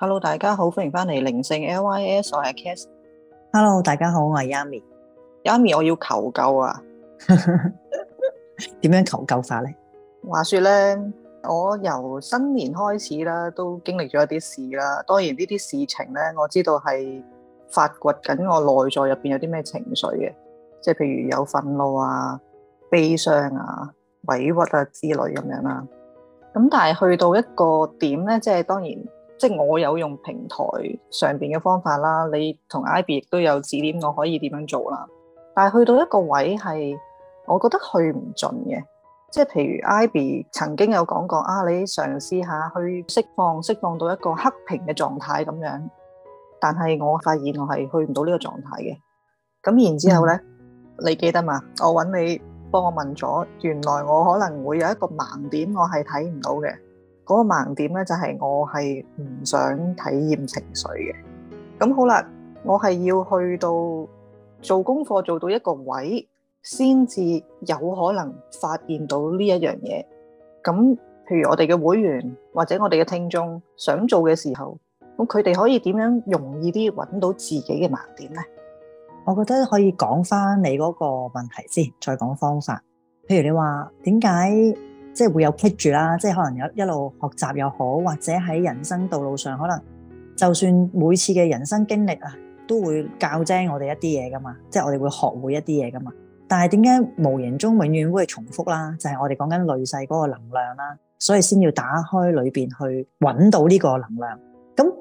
hello，大家好，歡迎翻嚟靈性 LYS，我係 Cass。hello，大家好，我係 Yami。Yami，我要求救啊！點 樣求救法咧？話說咧，我由新年開始啦，都經歷咗一啲事啦。當然呢啲事情咧，我知道係發掘緊我內在入邊有啲咩情緒嘅，即係譬如有憤怒啊、悲傷啊、委屈啊之類咁樣啦。咁但係去到一個點咧，即係當然。即係我有用平台上邊嘅方法啦，你同 IB 亦都有指點我可以點樣做啦。但係去到一個位係我覺得去唔盡嘅。即係譬如 IB 曾經有講過啊，你嘗試下去釋放、釋放到一個黑屏嘅狀態咁樣，但係我發現我係去唔到呢個狀態嘅。咁然之後咧，你記得嘛？我揾你幫我問咗，原來我可能會有一個盲點我是看不到的，我係睇唔到嘅。嗰個盲點咧，就係我係唔想體驗情緒嘅。咁好啦，我係要去到做功課做到一個位，先至有可能發現到呢一樣嘢。咁，譬如我哋嘅會員或者我哋嘅聽眾想做嘅時候，咁佢哋可以點樣容易啲揾到自己嘅盲點呢？我覺得可以講翻你嗰個問題先，再講方法。譬如你話點解？即係會有 keep 住啦，即係可能有一路學習又好，或者喺人生道路上，可能就算每次嘅人生經歷啊，都會教精我哋一啲嘢噶嘛，即係我哋會學會一啲嘢噶嘛。但係點解無形中永遠會重複啦？就係、是、我哋講緊內在累世嗰個能量啦，所以先要打開裏邊去揾到呢個能量。咁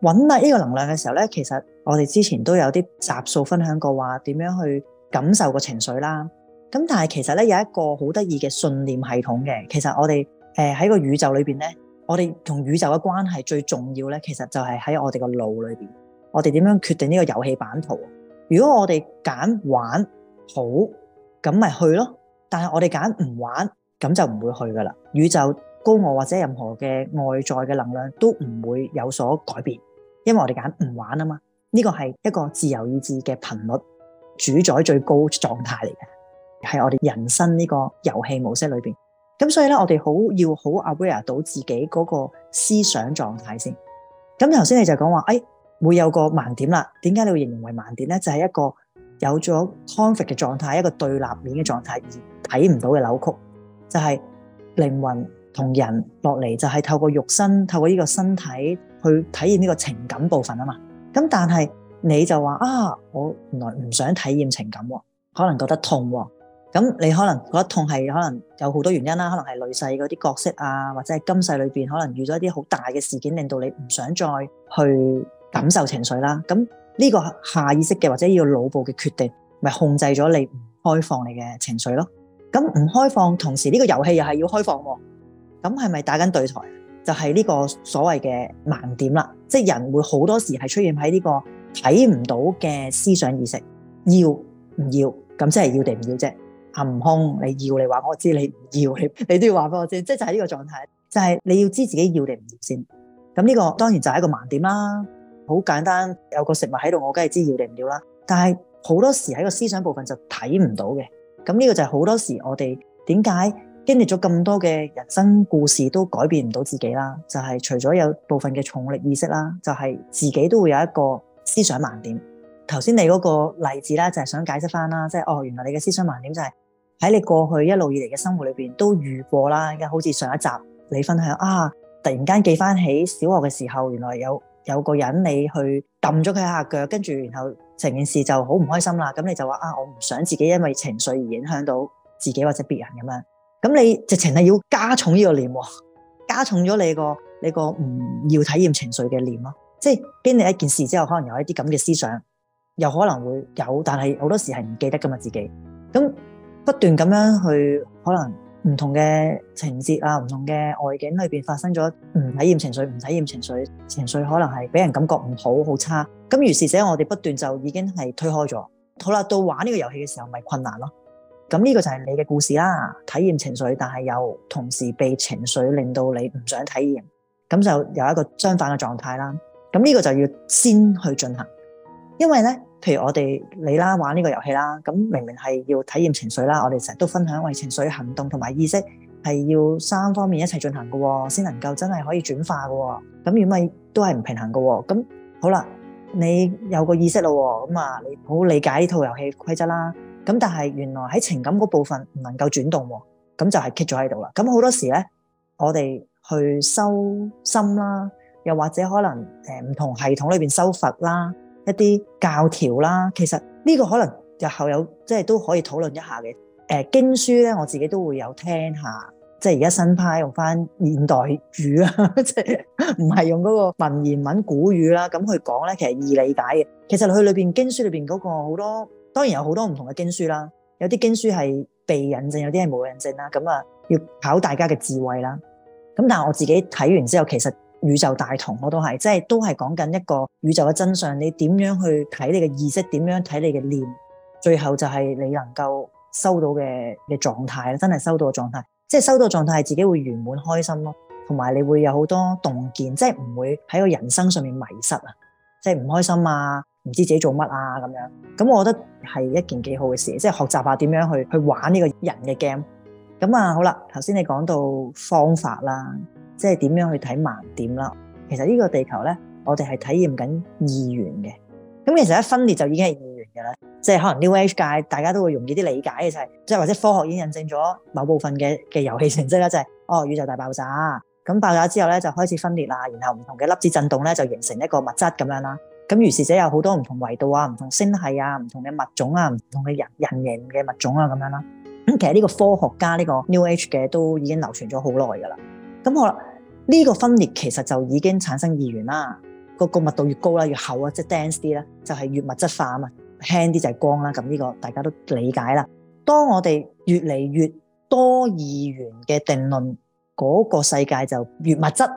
揾啊呢個能量嘅時候咧，其實我哋之前都有啲集數分享過，話點樣去感受個情緒啦。咁但係其實咧有一個好得意嘅信念系統嘅，其實我哋誒喺個宇宙裏面咧，我哋同宇宙嘅關係最重要咧，其實就係喺我哋個腦裏面。我哋點樣決定呢個遊戲版圖？如果我哋揀玩好，咁咪去咯。但係我哋揀唔玩，咁就唔會去噶啦。宇宙高我或者任何嘅外在嘅能量都唔會有所改變，因為我哋揀唔玩啊嘛。呢個係一個自由意志嘅頻率主宰最高狀態嚟嘅。係我哋人生呢個遊戲模式裏邊，咁所以咧，我哋好要好 aware 到自己嗰個思想狀態先。咁頭先你就講話，誒、哎，會有個盲點啦。點解你會形容為盲點咧？就係、是、一個有咗 conflict 嘅狀態，一個對立面嘅狀態而睇唔到嘅扭曲，就係、是、靈魂同人落嚟就係透過肉身，透過呢個身體去體驗呢個情感部分啊嘛。咁但係你就話啊，我原來唔想體驗情感、啊，可能覺得痛、啊。咁你可能覺得痛係可能有好多原因啦，可能係女世嗰啲角色啊，或者係今世裏邊可能遇咗一啲好大嘅事件，令到你唔想再去感受情緒啦。咁呢個下意識嘅或者要腦部嘅決定，咪控制咗你唔開放你嘅情緒咯。咁唔開放同時，呢個遊戲又係要開放喎。咁係咪打緊對台？就係呢個所謂嘅盲點啦，即係人會好多時係出現喺呢個睇唔到嘅思想意識，要唔要？咁即係要定唔要啫？行唔空，你要你話我知你唔要你，你都要話翻我知。即係就係呢個狀態，就係你要知自己要定唔要先。咁呢個當然就係一個盲點啦。好簡單，有個食物喺度，我梗係知要定唔要啦。但係好多時喺個思想部分就睇唔到嘅。咁呢個就係好多時我哋點解經歷咗咁多嘅人生故事都改變唔到自己啦？就係除咗有部分嘅重力意識啦，就係自己都會有一個思想盲點。頭先你嗰個例子啦，就係想解釋翻啦，即係哦，原來你嘅思想盲點就係。喺你過去一路以嚟嘅生活裏面都遇過啦，好似上一集你分享啊，突然間記翻起小學嘅時候，原來有有個人你去撳咗佢一下腳，跟住然後成件事就好唔開心啦。咁你就話啊，我唔想自己因為情緒而影響到自己或者別人咁樣。咁你直情係要加重呢個念喎，加重咗你個你個唔要體驗情緒嘅念咯。即係經歷一件事之後，可能有一啲咁嘅思想，又可能會有，但係好多時係唔記得噶嘛自己咁。不斷咁樣去可能唔同嘅情節啊，唔同嘅外景裏邊發生咗唔體驗情緒，唔體驗情緒，情緒可能係俾人感覺唔好，好差。咁如是者，我哋不斷就已經係推開咗。好啦，到玩呢個遊戲嘅時候，咪困難咯。咁呢個就係你嘅故事啦，體驗情緒，但係又同時被情緒令到你唔想體驗，咁就有一個相反嘅狀態啦。咁呢個就要先去進行，因為呢。譬如我哋你啦玩呢個遊戲啦，咁明明係要體驗情緒啦，我哋成日都分享，因為情緒行動同埋意識係要三方面一齊進行嘅，先能夠真係可以轉化嘅。咁如果都係唔平衡嘅，咁好啦，你有個意識啦，咁啊，你好理解呢套遊戲規則啦。咁但係原來喺情感嗰部分唔能夠轉動，咁就係 keep 咗喺度啦。咁好多時咧，我哋去修心啦，又或者可能誒唔同系統裏邊修佛啦。一啲教條啦，其實呢個可能日後有即係都可以討論一下嘅。誒經書咧，我自己都會有聽下，即係而家新派用翻現代語啦，即係唔係用嗰個文言文古語啦，咁去講咧其實易理解嘅。其實佢裏邊經書裏邊嗰個好多，當然有好多唔同嘅經書啦，有啲經書係被引證，有啲係冇引證啦，咁啊要考大家嘅智慧啦。咁但係我自己睇完之後，其實。宇宙大同我都係，即係都係講緊一個宇宙嘅真相。你點樣去睇你嘅意識？點樣睇你嘅念？最後就係你能夠收到嘅嘅狀態啦，真係收到嘅狀態。即係收到狀態係自己會圓滿開心咯，同埋你會有好多洞見，即係唔會喺個人生上面迷失啊，即係唔開心啊，唔知自己做乜啊咁樣。咁我覺得係一件幾好嘅事，即係學習下點樣去去玩呢個人嘅 game。咁啊，好啦，頭先你講到方法啦。即係點樣去睇盲點啦？其實呢個地球咧，我哋係體驗緊二元嘅。咁其實一分裂就已經係二元嘅啦。即係可能 New Age 界大家都會容易啲理解嘅就係，即係或者科學已經印證咗某部分嘅嘅遊戲成績啦，就係、是、哦宇宙大爆炸。咁爆炸之後咧就開始分裂啦，然後唔同嘅粒子震動咧就形成一個物質咁樣啦。咁如是者有好多唔同維度啊、唔同星系啊、唔同嘅物種啊、唔同嘅人人形嘅物種啊咁樣啦。咁其實呢個科學家呢個 New Age 嘅都已經流傳咗好耐㗎啦。咁呢個分裂其實就已經產生二元啦，個個密度越高啦，越厚啊，即係 dense 啲咧，就係越物質化啊嘛，輕啲就係光啦。咁呢個大家都理解啦。當我哋越嚟越多二元嘅定論，嗰個世界就越物質、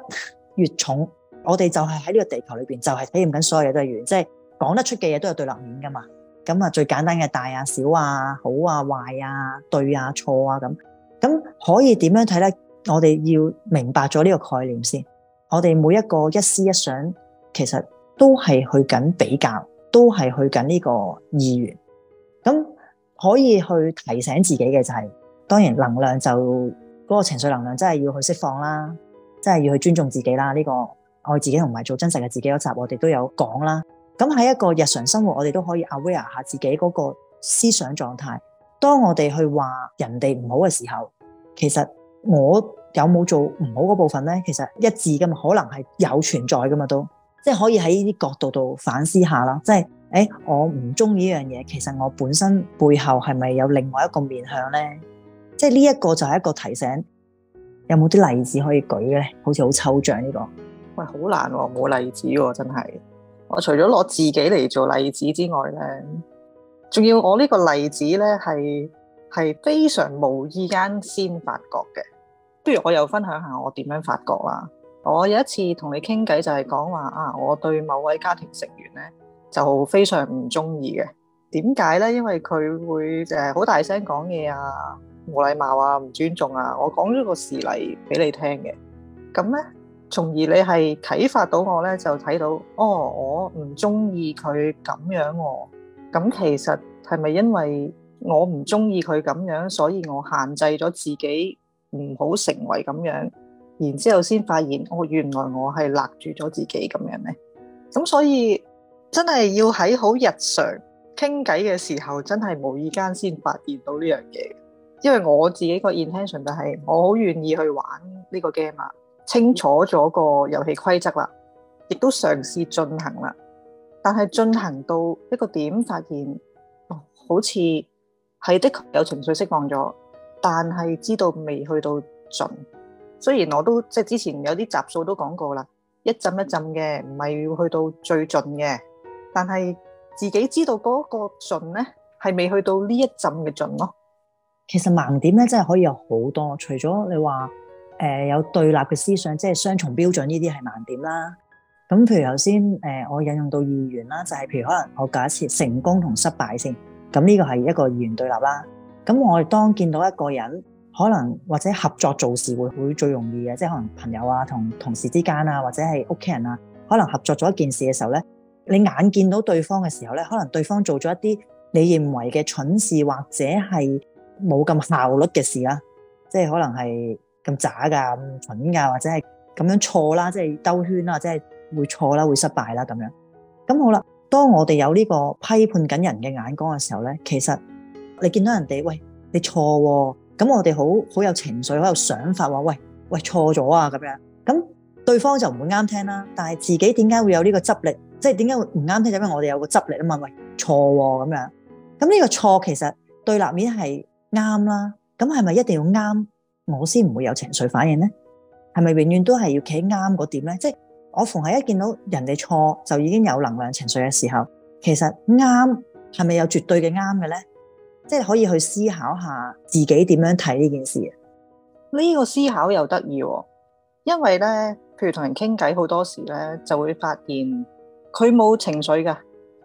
越重。我哋就係喺呢個地球裏邊，就係體驗緊所有嘢都係二元，即係講得出嘅嘢都係對立面噶嘛。咁啊，最簡單嘅大啊、小啊、好啊、壞啊、對啊、錯啊咁，咁可以點樣睇咧？我哋要明白咗呢個概念先，我哋每一個一思一想，其實都係去緊比較，都係去緊呢個意願。咁可以去提醒自己嘅就係、是，當然能量就嗰、那個情緒能量真係要去釋放啦，真係要去尊重自己啦。呢、這個愛自己同埋做真實嘅自己嗰集，我哋都有講啦。咁喺一個日常生活，我哋都可以 aware 下自己嗰個思想狀態。當我哋去話人哋唔好嘅時候，其實，我有冇做唔好嗰部分呢？其實一致噶嘛，可能係有存在噶嘛，都即係可以喺呢啲角度度反思下啦。即係誒、欸，我唔中意呢樣嘢，其實我本身背後係咪有另外一個面向呢？即係呢一個就係一個提醒。有冇啲例子可以舉嘅呢？好似好抽象呢、呢個，喂，好難冇、啊、例子喎、啊，真係。我除咗攞自己嚟做例子之外呢，仲要我呢個例子呢，係係非常無意間先發覺嘅。不如我又分享下我點樣發覺啦。我有一次同你傾偈就係講話啊，我對某位家庭成員咧就非常唔中意嘅。點解咧？因為佢會誒好大聲講嘢啊，冇禮貌啊，唔尊重啊。我講咗個事例俾你聽嘅，咁咧，從而你係啟發到我咧，就睇到哦，我唔中意佢咁樣。咁其實係咪因為我唔中意佢咁樣，所以我限制咗自己？唔好成為咁樣，然之後先發現，我、哦、原來我係勒住咗自己咁樣咧。咁所以真係要喺好日常傾偈嘅時候，真係無意間先發現到呢樣嘢。因為我自己個 intention 就係、是、我好願意去玩呢個 game 啊，清楚咗個遊戲規則啦，亦都嘗試進行啦。但係進行到一個點，發現、哦、好似係的確有情緒釋放咗。但係知道未去到盡，雖然我都即係之前有啲集數都講過啦，一浸一浸嘅，唔係要去到最盡嘅。但係自己知道嗰個盡咧，係未去到呢一浸嘅盡咯。其實盲點咧，真係可以有好多，除咗你話誒、呃、有對立嘅思想，即係雙重標準呢啲係盲點啦。咁譬如頭先誒我引用到二元啦，就係、是、譬如可能我假設成功同失敗先，咁呢個係一個二元對立啦。咁我哋當見到一個人，可能或者合作做事會會最容易嘅，即係可能朋友啊，同同事之間啊，或者係屋企人啊，可能合作咗一件事嘅時候咧，你眼見到對方嘅時候咧，可能對方做咗一啲你認為嘅蠢事，或者係冇咁效率嘅事啦，即係可能係咁渣噶、蠢噶，或者係咁樣錯啦，即係兜圈啦，即係會錯啦、會失敗啦咁樣。咁好啦，當我哋有呢個批判緊人嘅眼光嘅時候咧，其實。你見到人哋喂，你錯咁，我哋好好有情緒，好有想法，喂喂，錯咗啊，咁樣咁對方就唔會啱聽啦。但係自己點解會有呢個執力？即係點解會唔啱聽？就因為我哋有個執力啊嘛，喂，錯咁樣咁呢個錯其實對立面係啱啦。咁係咪一定要啱我先唔會有情緒反應呢？係咪永遠都係要企啱個點呢？即係我逢係一見到人哋錯就已經有能量情緒嘅時候，其實啱係咪有絕對嘅啱嘅呢？即係可以去思考下自己點樣睇呢件事。呢個思考又得意喎，因為咧，譬如同人傾偈，好多時咧就會發現佢冇情緒噶，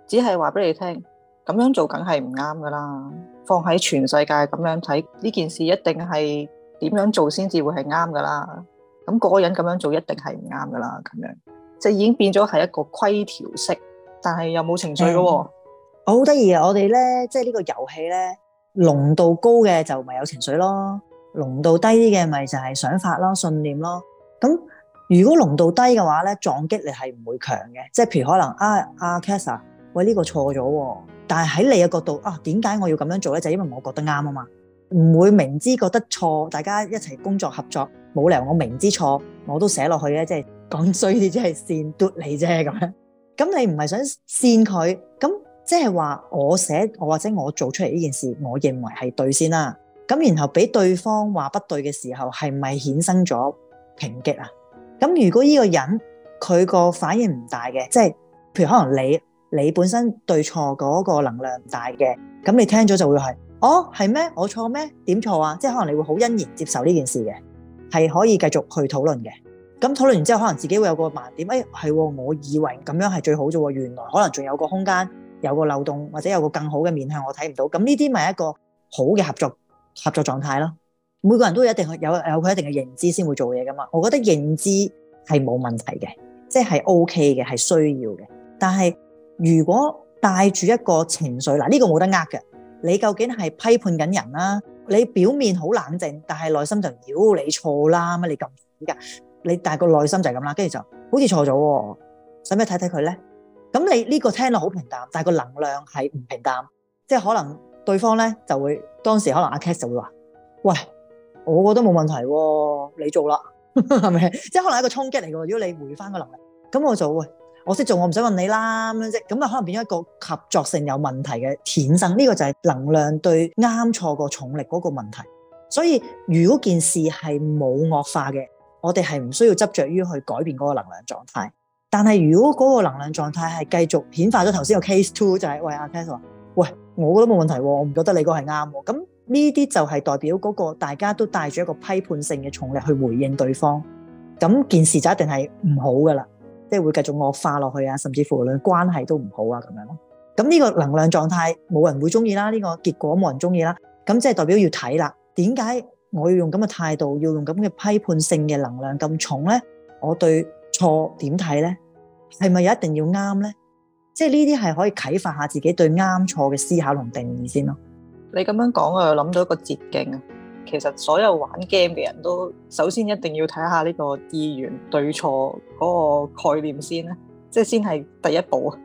只係話俾你聽，咁樣做梗係唔啱噶啦。放喺全世界咁樣睇，呢件事一定係點樣做先至會係啱噶啦。咁個人咁樣做一定係唔啱噶啦。咁樣即係已經變咗係一個規條式，但係又冇情緒噶。嗯好得意啊！我哋咧，即係呢個遊戲咧，濃度高嘅就咪有情緒咯，濃度低啲嘅咪就係想法咯、信念咯。咁如果濃度低嘅話咧，撞擊力係唔會強嘅。即係譬如可能啊啊，Cass，喂，呢個錯咗喎，但係喺你嘅角度啊，點解我要咁樣做咧？就係因為我覺得啱啊嘛，唔會明知覺得錯，大家一齊工作合作冇理由我明知錯我都寫落去咧，即係講衰啲，即係線嘟你啫咁樣。咁你唔係想線佢咁？即係話我寫我或者我做出嚟呢件事，我認為係對先啦。咁然後俾對方話不對嘅時候，係咪衍生咗評擊啊？咁如果呢個人佢個反應唔大嘅，即係譬如可能你你本身對錯嗰個能量唔大嘅，咁你聽咗就會係哦，係咩？我錯咩？點錯啊？即係可能你會好欣然接受呢件事嘅，係可以繼續去討論嘅。咁討論完之後，可能自己會有個盲點。誒係，我以為咁樣係最好啫，原來可能仲有個空間。有個漏洞或者有個更好嘅面向，我睇唔到。咁呢啲咪一個好嘅合作合作狀態咯。每個人都有一定有有佢一定嘅認知先會做嘢噶嘛。我覺得認知係冇問題嘅，即係 OK 嘅，係需要嘅。但係如果帶住一個情緒，嗱、這、呢個冇得呃嘅。你究竟係批判緊人啦、啊？你表面好冷靜，但係內心就妖你錯啦乜？你咁死噶？你大個內心就係咁啦，跟住就好似錯咗喎。使咩使睇睇佢咧？咁你呢個聽落好平淡，但係個能量係唔平淡，即係可能對方咧就會當時可能阿 Cass 就會話：，喂，我覺得冇問題，哦，你做啦，係咪？即係可能一個衝擊嚟嘅。如果你回翻個能力，咁我就喂我識做，我唔使問你啦咁樣咁啊，就可能變成一個合作性有問題嘅衍生。呢個就係能量對啱錯個重力嗰個問題。所以如果件事係冇惡化嘅，我哋係唔需要執着於去改變嗰個能量狀態。但係如果嗰個能量狀態係繼續顯化咗頭先個 case two，就係、是、喂阿 Cass 話，啊、喂，我覺得冇問題，我唔覺得你個係啱，咁呢啲就係代表嗰個大家都帶住一個批判性嘅重力去回應對方，咁件事就一定係唔好噶啦，即係會繼續惡化落去啊，甚至乎連關係都唔好啊咁樣。咁呢個能量狀態冇人會中意啦，呢、這個結果冇人中意啦，咁即係代表要睇啦，點解我要用咁嘅態度，要用咁嘅批判性嘅能量咁重咧？我對錯點睇咧？係咪一定要啱呢？即係呢啲係可以啟發下自己對啱錯嘅思考同定義先咯。你咁樣講啊，我諗到一個捷徑啊。其實所有玩 game 嘅人都首先一定要睇下呢個意願對錯嗰個概念先咧，即係先係第一步啊。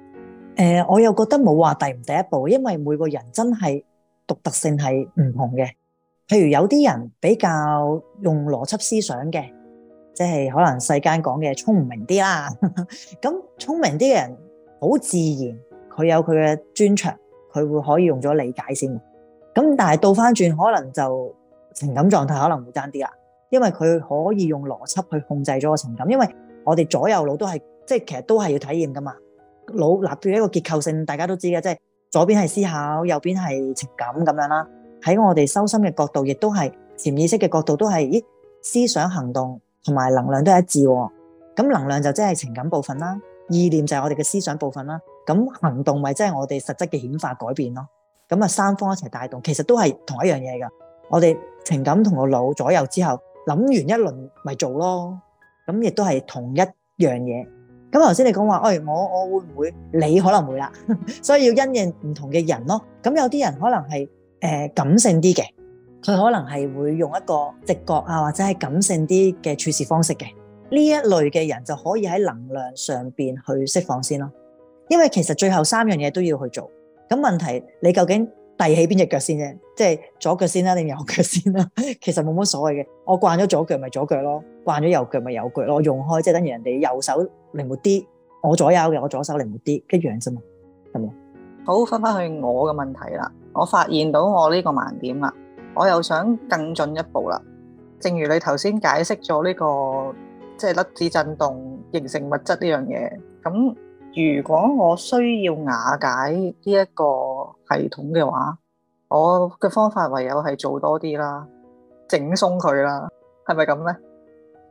誒、呃，我又覺得冇話第唔第一步，因為每個人真係獨特性係唔同嘅。譬如有啲人比較用邏輯思想嘅。即係可能世間講嘅聰唔明啲啦，咁 聰、嗯、明啲嘅人好自然，佢有佢嘅專長，佢會可以用咗理解先。咁、嗯、但係倒翻轉，可能就情感狀態可能會爭啲啦，因為佢可以用邏輯去控制咗個情感，因為我哋左右腦都係即係其實都係要體驗噶嘛。腦立住一個結構性，大家都知嘅，即係左邊係思考，右邊係情感咁樣啦。喺我哋修心嘅角度，亦都係潛意識嘅角度，都係咦思想行動。同埋能量都係一致，咁能量就即係情感部分啦，意念就係我哋嘅思想部分啦，咁行動咪即係我哋實質嘅顯化改變咯，咁啊三方一齊帶動，其實都係同一樣嘢噶。我哋情感同個腦左右之後，諗完一輪咪做咯，咁亦都係同一樣嘢。咁頭先你講話，哎、我我會唔會？你可能會啦， 所以要因應唔同嘅人咯。咁有啲人可能係誒、呃、感性啲嘅。佢可能係會用一個直覺啊，或者係感性啲嘅處事方式嘅呢一類嘅人就可以喺能量上邊去釋放先咯。因為其實最後三樣嘢都要去做，咁問題，你究竟遞起邊隻腳先啫？即係左腳先啦，定右腳先啦？其實冇乜所謂嘅。我慣咗左腳咪左腳咯，慣咗右腳咪右腳咯。用開即係等於人哋右手靈活啲，我左右嘅我左手靈活啲，一樣啫嘛，係咪？好，翻翻去我嘅問題啦，我發現到我呢個盲點啦。我又想更進一步啦，正如你頭先解釋咗呢個即係粒子震動形成物質呢樣嘢，咁如果我需要瓦解呢一個系統嘅話，我嘅方法唯有係做多啲啦，整鬆佢啦，係咪咁咧？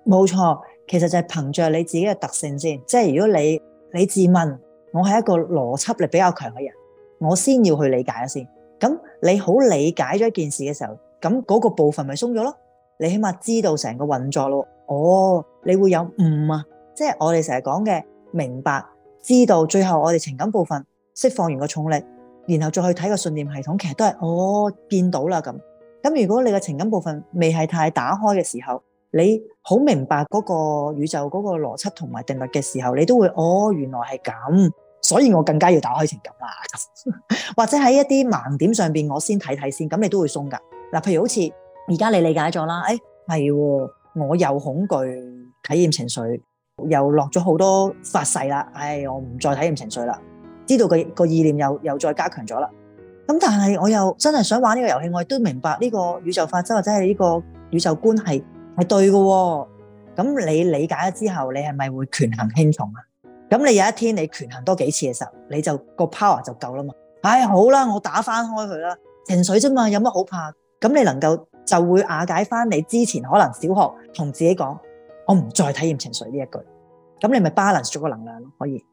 冇錯，其實就係憑着你自己嘅特性先，即係如果你你自問我係一個邏輯力比較強嘅人，我先要去理解一先。你好理解咗一件事嘅時候，咁嗰個部分咪鬆咗咯？你起碼知道成個運作咯。哦，你會有誤、嗯、啊，即係我哋成日講嘅明白知道。最後我哋情感部分釋放完個重力，然後再去睇個信念系統，其實都係哦見到啦咁。咁如果你嘅情感部分未係太打開嘅時候，你好明白嗰個宇宙嗰個邏輯同埋定律嘅時候，你都會哦原來係咁。所以我更加要打開情感啦， 或者喺一啲盲點上邊，我先睇睇先，咁你都會鬆噶。嗱，譬如好似而家你理解咗啦，誒、哎，係，我又恐懼體驗情緒，又落咗好多發誓啦，唉、哎，我唔再體驗情緒啦，知道個個意念又又再加強咗啦。咁但係我又真係想玩呢個遊戲，我亦都明白呢個宇宙法則或者係呢個宇宙觀係係對嘅。咁你理解咗之後，你係咪會權衡輕重啊？咁你有一天你權衡多幾次嘅時候，你就個 power 就夠啦嘛。唉，好啦，我打翻開佢啦，情緒啫嘛，有乜好怕？咁你能夠就會瓦解翻你之前可能小學同自己講，我唔再體驗情緒呢一句。咁你咪 balance 咗個能量咯，可以。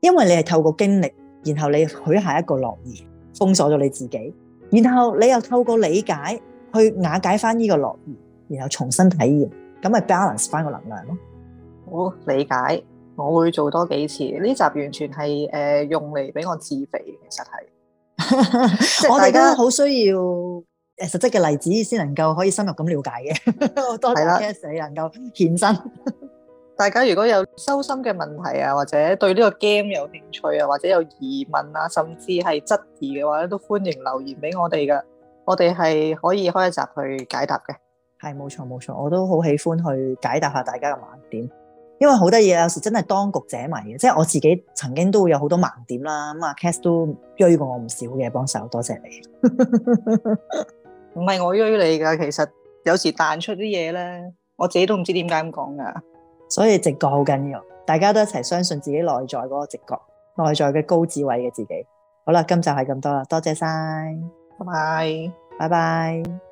因為你係透過經歷，然後你許下一個諾言，封鎖咗你自己，然後你又透過理解去瓦解翻呢個諾言，然後重新體驗，咁咪 balance 翻個能量咯。好理解。我會做多幾次呢集，完全係誒、呃、用嚟俾我自肥的。其實係，我哋 大家好需要實質嘅例子，先能夠可以深入咁了解嘅。 我多謝 Cass 你能夠現身。 大家如果有收心嘅問題啊，或者對呢個 game 有興趣啊，或者有疑問啊，甚至係質疑嘅話咧，都歡迎留言俾我哋噶。我哋係可以開一集去解答嘅。係冇錯冇錯，我都好喜歡去解答下大家嘅盲點。因為好多嘢有時真係當局者迷嘅，即係我自己曾經都會有好多盲點啦。咁啊，Cass 都追過我唔少嘅幫手，多謝你。唔 係我追你噶，其實有時彈出啲嘢咧，我自己都唔知點解咁講噶。所以直覺好緊要，大家都一齊相信自己內在嗰個直覺，內在嘅高智慧嘅自己。好啦，今集就係咁多啦，多謝晒，拜拜 bye，拜拜。